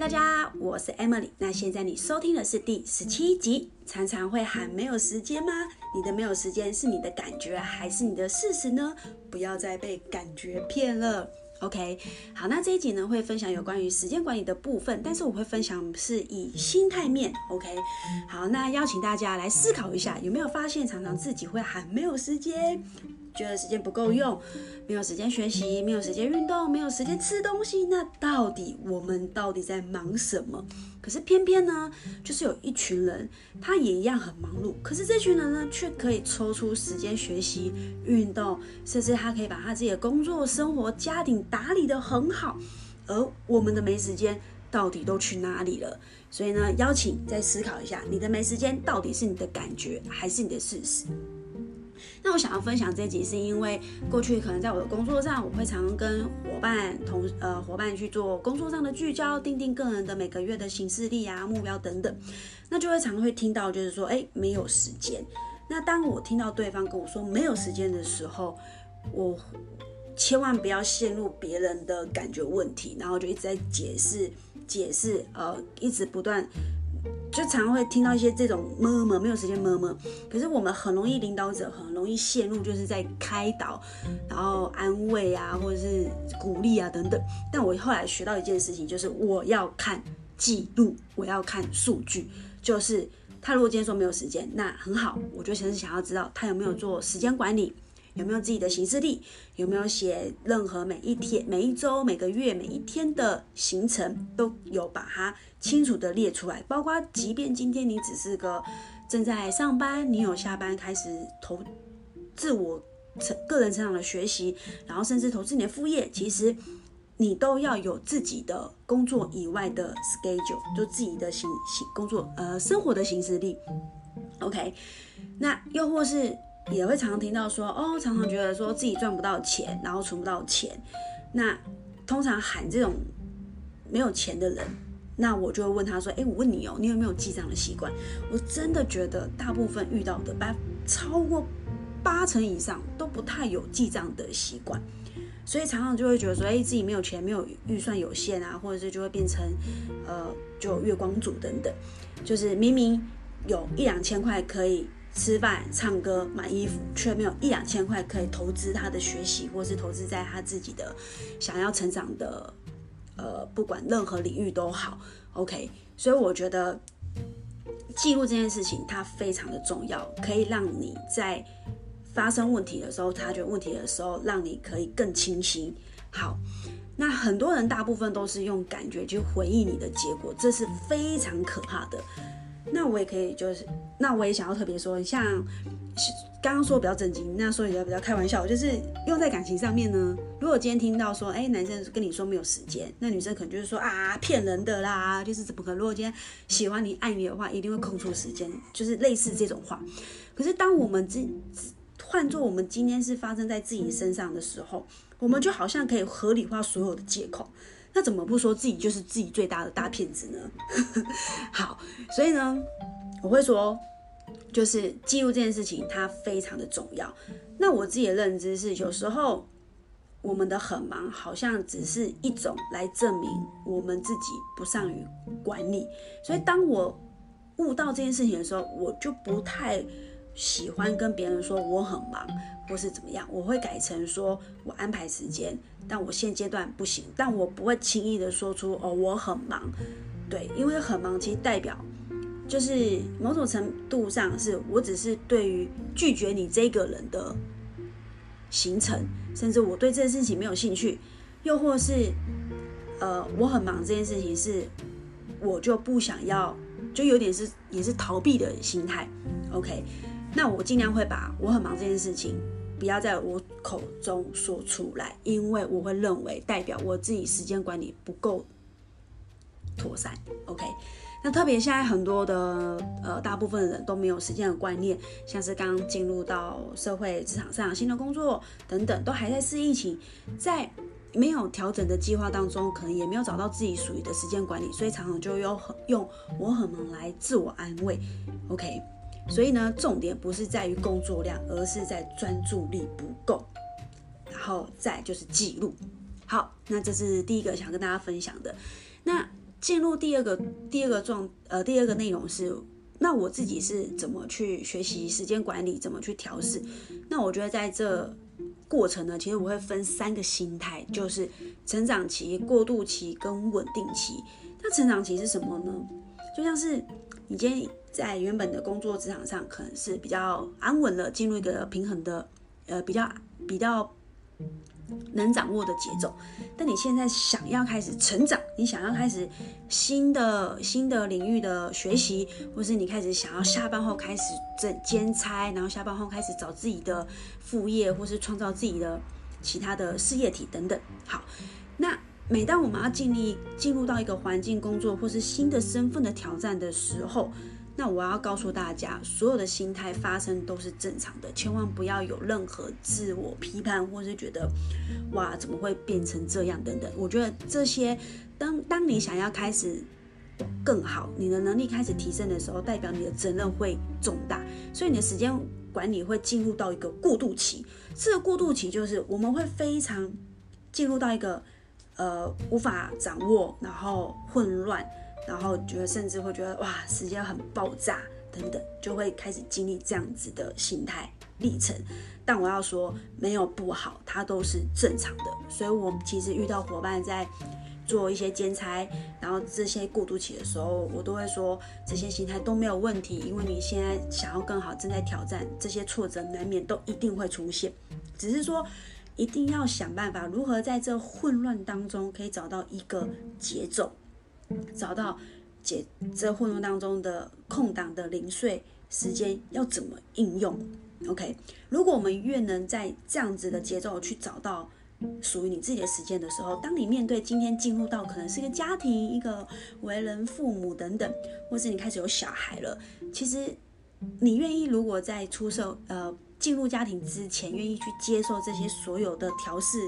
大家，我是 Emily。那現在你收聽的是第十七集。常常會喊沒有時間嗎？你的沒有時間是你的感覺還是你的事實呢？不要再被感覺騙了。OK，好，那這一集呢，會分享有關於時間管理的部分，但是我會分享是以心態面。OK，好，那邀請大家來思考一下，有沒有發現常常自己會喊沒有時間？覺得時間不夠用，沒有時間學習，沒有時間運動，沒有時間吃東西。那到底我們到底在忙什麼？可是偏偏呢，就是有一群人，他也一樣很忙碌。可是這群人呢，卻可以抽出時間學習、運動，甚至他可以把他自己的工作、生活、家庭打理得很好。而我們的沒時間到底都去哪裡了？所以呢，邀請再思考一下，你的沒時間到底是你的感覺，還是你的事實？那我想要分享這集，是因為過去可能在我的工作上，我會常跟夥伴同呃夥伴去做工作上的聚焦，訂定個人的每個月的行事曆啊、目標等等，那就會常會聽到就是說，誒，沒有時間。那當我聽到對方跟我說沒有時間的時候，我千萬不要陷入別人的感覺問題，然後就一直在解釋、解釋，呃，一直不斷。就常常會聽到一些這種 murmur 沒有時間 murmur，可是我們很容易領導者很容易陷入就是在開導，然後安慰啊，或者是鼓勵啊等等。但我後來學到一件事情，就是我要看記錄，我要看數據。就是他如果今天說沒有時間，那很好，我就是想要知道他有沒有做時間管理。有沒有自己的行事歷？有沒有寫任何每一天、每一周、每個月、每一天的行程，都有把它清楚的列出來？包括，即便今天你只是個正在上班，你有下班開始投自我、成個人成長的學習，然後甚至投資你的副業，其實你都要有自己的工作以外的 schedule，就自己的行行工作呃生活的行事曆。OK，那又或是。也會常常聽到說哦，常常覺得說自己賺不到錢，然後存不到錢。那通常喊這種沒有錢的人，那我就會問他說：誒，我問你哦，你有沒有記賬的習慣？我真的覺得大部分遇到的，八，超過八成以上都不太有記賬的習慣，所以常常就會覺得說：誒，自己沒有錢，沒有預算有限啊，或者是就會變成呃，就月光族等等，就是明明有一兩千塊可以。吃飯、唱歌、買衣服，卻沒有一兩千塊可以投資他的學習，或是投資在他自己的想要成長的，呃，不管任何領域都好。OK，所以我覺得記錄這件事情它非常的重要，可以讓你在發生問題的時候、察覺問題的時候，讓你可以更清晰。好，那很多人大部分都是用感覺去回憶你的結果，這是非常可怕的。那我也可以，就是那我也想要特別說，像剛剛說比較正經，那說一些比較開玩笑，就是用在感情上面呢。如果今天聽到說，哎、欸，男生跟你說沒有時間，那女生可能就是說啊，騙人的啦，就是怎麼可能？如果今天喜歡你、愛你的話，一定會空出時間，就是類似這種話。可是當我們今換做我們今天是發生在自己身上的時候，我們就好像可以合理化所有的借口。那怎麼不說自己就是自己最大的大騙子呢？ 好，所以呢，我會說，就是記錄這件事情它非常的重要。那我自己的認知是，有時候我們的很忙，好像只是一種來證明我們自己不善於管理。所以當我悟到這件事情的時候，我就不太。喜歡跟別人說我很忙，或是怎麼樣，我會改成說我安排時間，但我現階段不行，但我不會輕易地說出哦，我很忙，對，因為很忙其實代表就是某種程度上是我只是對於拒絕你這個人的行程，甚至我對這件事情沒有興趣，又或是呃，我很忙這件事情是我就不想要，就有點是也是逃避的心態，OK。那我盡量會把我很忙這件事情，不要在我口中說出來，因為我會認為代表我自己時間管理不夠妥善。OK，那特別現在很多的呃大部分人都沒有時間的觀念，像是剛進入到社會職場上新的工作等等，都還在試疫情，在沒有調整的計劃當中，可能也沒有找到自己屬於的時間管理，所以常常就要用我很忙來自我安慰。OK。所以呢，重點不是在於工作量，而是在專注力不夠，然後再就是記錄。好，那這是第一個想跟大家分享的。那進入第二個第二個狀呃第二個內容是，那我自己是怎麼去學習時間管理，怎麼去調適？那我覺得在這過程呢，其實我會分三個心態，就是成長期、過渡期跟穩定期。那成長期是什麼呢？就像是。你今天在原本的工作職場上，可能是比較安穩的，進入一個平衡的，呃，比較比較能掌握的節奏。但你現在想要開始成長，你想要開始新的新的領域的學習，或是你開始想要下班後開始整兼差，然後下班後開始找自己的副業，或是創造自己的其他的事業體等等。好，那。每當我們要經歷進入到一個環境工作或是新的身份的挑戰的時候，那我要告訴大家，所有的心態發生都是正常的，千萬不要有任何自我批判或是覺得，哇，怎麼會變成這樣等等。我覺得這些，當當你想要開始更好，你的能力開始提升的時候，代表你的責任會重大，所以你的時間管理會進入到一個過渡期。這個過渡期就是我們會非常進入到一個。呃，無法掌握，然後混亂，然後覺得甚至會覺得哇，時間很爆炸等等，就會開始經歷這樣子的心態歷程。但我要說，沒有不好，它都是正常的。所以我其實遇到夥伴在做一些兼差，然後這些過渡期的時候，我都會說這些心態都沒有問題，因為你現在想要更好，正在挑戰，這些挫折難免都一定會出現，只是說。一定要想辦法，如何在這混亂當中可以找到一個節奏，找到這這混亂當中的空檔的零碎時間要怎麼應用？OK，如果我們越能在這樣子的節奏去找到屬於你自己的時間的時候，當你面對今天進入到可能是一個家庭、一個為人父母等等，或是你開始有小孩了，其實你願意如果在出社呃。進入家庭之前，願意去接受這些所有的調試，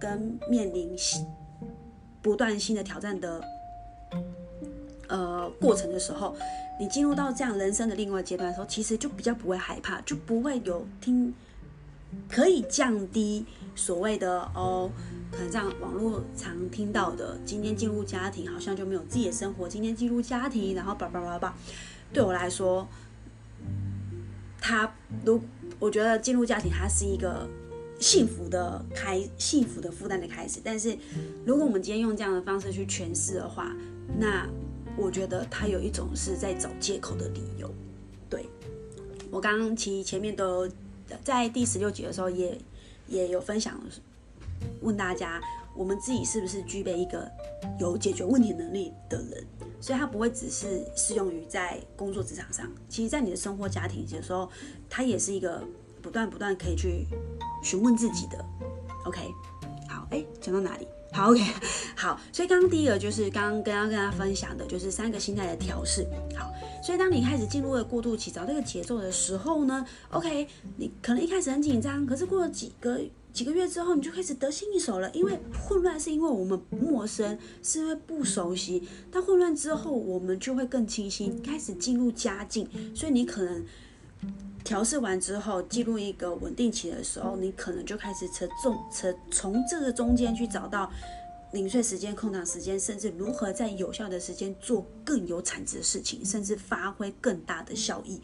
跟面臨不斷新的挑戰的呃過程的時候，你進入到這樣人生的另外一階段的時候，其實就比較不會害怕，就不會有聽，可以降低所謂的哦，可能像網絡常聽到的，今天進入家庭好像就沒有自己的生活，今天進入家庭，然後叭叭叭叭，對我來說，他。如我覺得進入家庭，它是一個幸福的開幸福的負擔的開始。但是，如果我們今天用這樣的方式去詮釋的話，那我覺得它有一種是在找借口的理由。對，我剛剛其實前面都在第十六集的時候也也有分享，問大家我們自己是不是具備一個有解決問題能力的人。所以它不會只是適用於在工作職場上，其實在你的生活家庭有時候，它也是一個不斷不斷可以去詢問自己的。OK，好，哎、欸，講到哪裡？好，OK，好。所以剛剛第一個就是剛剛跟要跟大家分享的就是三個心態的調適。好，所以當你開始進入了過渡期，找這個節奏的時候呢，OK，你可能一開始很緊張，可是過了幾個。幾個月之後，你就開始得心應手了。因為混亂是因為我們陌生，是因為不熟悉。但混亂之後，我們就會更清晰，開始進入佳境。所以你可能調試完之後，進入一個穩定期的時候，你可能就開始側重，從這個中間去找到零碎時間、空檔時間，甚至如何在有效的時間做更有產值的事情，甚至發揮更大的效益。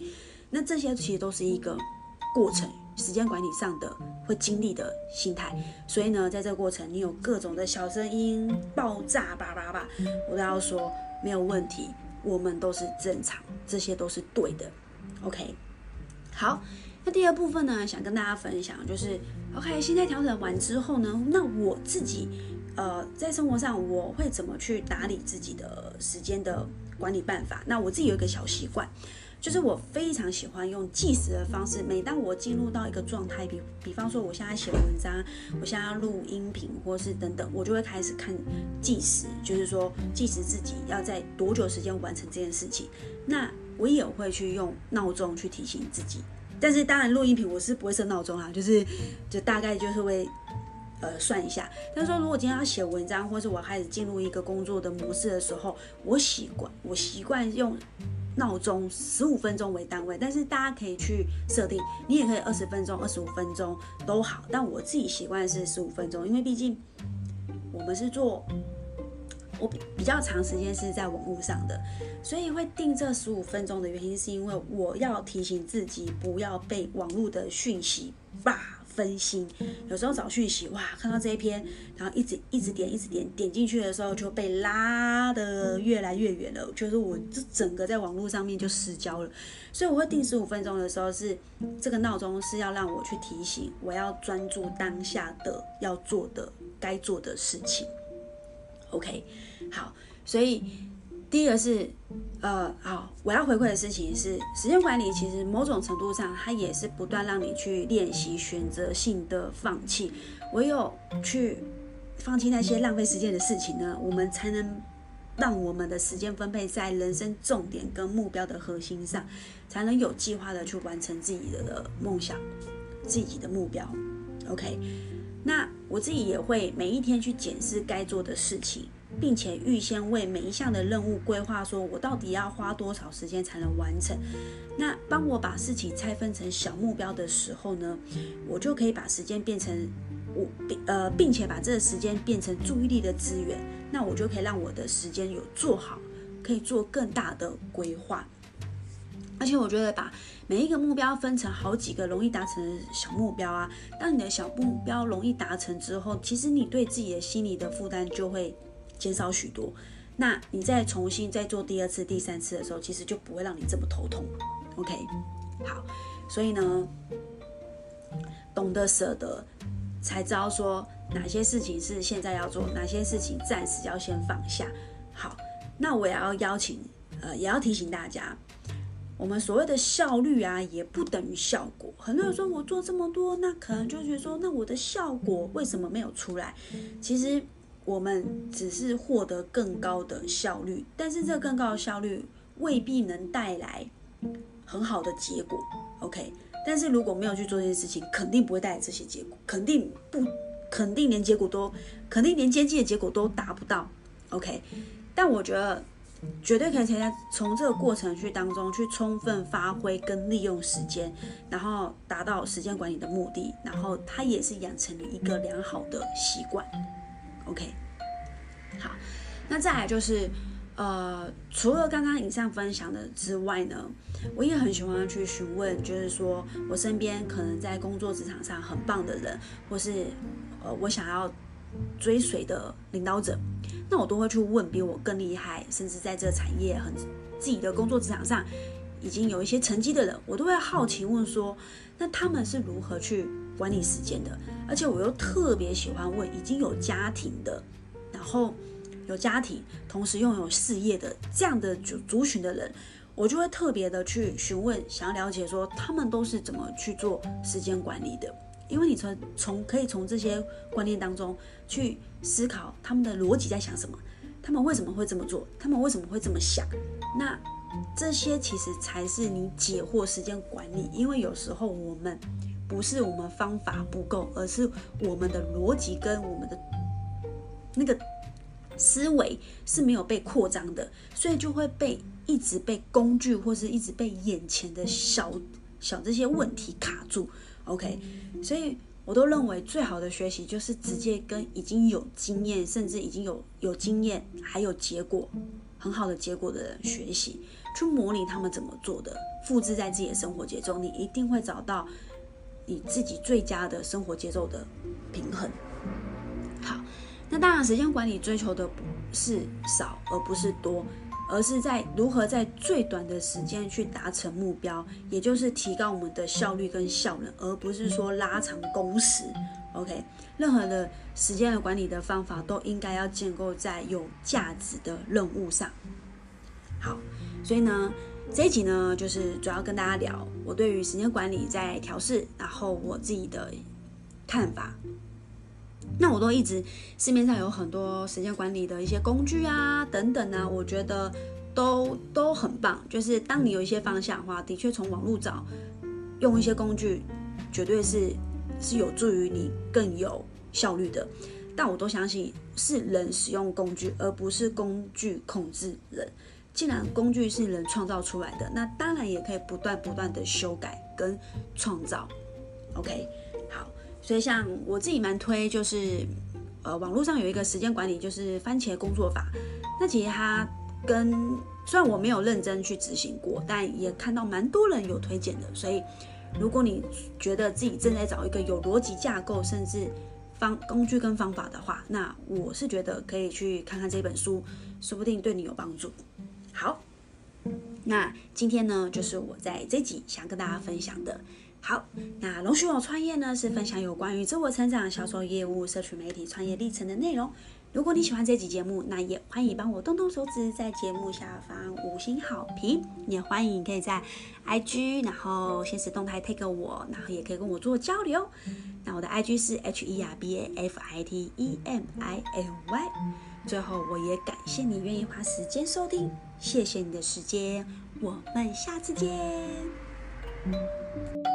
那這些其實都是一個過程。時間管理上的會經歷的心態，所以呢，在這個過程，你有各種的小聲音爆炸叭叭叭，我都要說沒有問題，我們都是正常，這些都是對的。OK，好，那第二部分呢，想跟大家分享就是，OK，心態調整完之後呢，那我自己，呃，在生活上我會怎麼去打理自己的時間的管理辦法？那我自己有一個小習慣。就是我非常喜歡用計時的方式，每當我進入到一個狀態，比比方說我現在寫文章，我現在要錄音頻，或是等等，我就會開始看計時，就是說計時自己要在多久時間完成這件事情。那我也會去用鬧鐘去提醒自己，但是當然錄音頻我是不會設鬧鐘啊，就是就大概就是會呃算一下。但是說如果今天要寫文章，或是我開始進入一個工作的模式的時候，我習慣我習慣用。鬧鐘十五分鐘為單位，但是大家可以去設定，你也可以二十分鐘、二十五分鐘都好。但我自己習慣是十五分鐘，因為畢竟我們是做，我比較長時間是在網絡上的，所以會定這十五分鐘的原因是因為我要提醒自己不要被網絡的訊息霸。分心，有時候找訊息，哇，看到這一篇，然後一直一直點，一直點，點進去的時候就被拉得越來越遠了，就是我這整個在網絡上面就失焦了，所以我會定十五分鐘的時候是這個鬧鐘是要讓我去提醒我要專注當下的要做的該做的事情，OK，好，所以。第一個是，呃，好，我要回饋的事情是，時間管理其實某種程度上，它也是不斷讓你去練習選擇性的放棄。唯有去放棄那些浪費時間的事情呢，我們才能讓我們的時間分配在人生重點跟目標的核心上，才能有計劃的去完成自己的夢想、自己的目標。OK，那我自己也會每一天去檢視該做的事情。並且預先為每一項的任務規劃，說我到底要花多少時間才能完成？那當我把事情拆分成小目標的時候呢，我就可以把時間變成我並呃，並且把這個時間變成注意力的資源。那我就可以讓我的時間有做好，可以做更大的規劃。而且我覺得把每一個目標分成好幾個容易達成的小目標啊，當你的小目標容易達成之後，其實你對自己的心理的負擔就會減少許多，那你再重新再做第二次、第三次的時候，其實就不會讓你這麼頭痛。OK，好，所以呢，懂得捨得，才知道說哪些事情是現在要做，哪些事情暫時要先放下。好，那我也要邀請，呃，也要提醒大家，我們所謂的效率啊，也不等於效果。很多人說，我做這麼多，那可能就覺得說，那我的效果為什麼沒有出來？其實。我們只是獲得更高的效率，但是這更高的效率未必能帶來很好的結果。OK，但是如果沒有去做這件事情，肯定不會帶來這些結果，肯定不，肯定連結果都，肯定連間接的結果都達不到。OK，但我覺得絕對可以參加，從這個過程去當中去充分發揮跟利用時間，然後達到時間管理的目的，然後它也是養成了一個良好的習慣。OK，好，那再來就是，呃，除了剛剛以上分享的之外呢，我也很喜歡去詢問，就是說我身邊可能在工作職場上很棒的人，或是呃我想要追隨的領導者，那我都會去問比我更厲害，甚至在這產業很自己的工作職場上已經有一些成績的人，我都會好奇問說，那他們是如何去管理時間的，而且我又特別喜歡問已經有家庭的，然後有家庭同時擁有事業的這樣的族族群的人，我就會特別的去詢問，想要了解說他們都是怎麼去做時間管理的，因為你從從可以從這些觀念當中去思考他們的邏輯在想什麼，他們為什麼會這麼做，他們為什麼會這麼想，那這些其實才是你解惑時間管理，因為有時候我們。不是我們方法不夠，而是我們的邏輯跟我們的那個思維是沒有被擴張的，所以就會被一直被工具或是一直被眼前的小小這些問題卡住。OK，所以我都認為最好的學習就是直接跟已經有經驗，甚至已經有有經驗還有結果很好的結果的人學習，去模擬他們怎麼做的，複製在自己的生活節奏，你一定會找到。你自己最佳的生活節奏的平衡。好，那當然，時間管理追求的不是少，而不是多，而是在如何在最短的時間去達成目標，也就是提高我們的效率跟效能，而不是說拉長工時。OK，任何的時間的管理的方法都應該要建構在有價值的任務上。好，所以呢，這一集呢，就是主要跟大家聊我對於時間管理在調適，然後我自己的看法。那我都一直市面上有很多時間管理的一些工具啊，等等啊，我覺得都都很棒。就是當你有一些方向的話，的確從網絡找用一些工具，絕對是是有助於你更有效率的。但我都相信是人使用工具，而不是工具控制人。既然工具是能創造出來的，那當然也可以不斷不斷的修改跟創造。OK，好，所以像我自己蠻推，就是呃網絡上有一個時間管理，就是番茄工作法。那其實它跟雖然我沒有認真去執行過，但也看到蠻多人有推薦的。所以如果你覺得自己正在找一個有邏輯架構，甚至方工具跟方法的話，那我是覺得可以去看看這本書，說不定對你有幫助。好，那今天呢，就是我在這集想跟大家分享的。好，那龍須網創業呢，是分享有關於自我成長、銷售業務、社群媒體創業歷程的內容。如果你喜歡這集節目，那也歡迎幫我動動手指，在節目下方五星好評。你也歡迎可以在 IG，然後限時動態 tag 我，然後也可以跟我做交流。那我的 IG 是 h e r b a f i t e m i l y。最後，我也感謝你願意花時間收聽。謝謝你的時間，我們下次見。嗯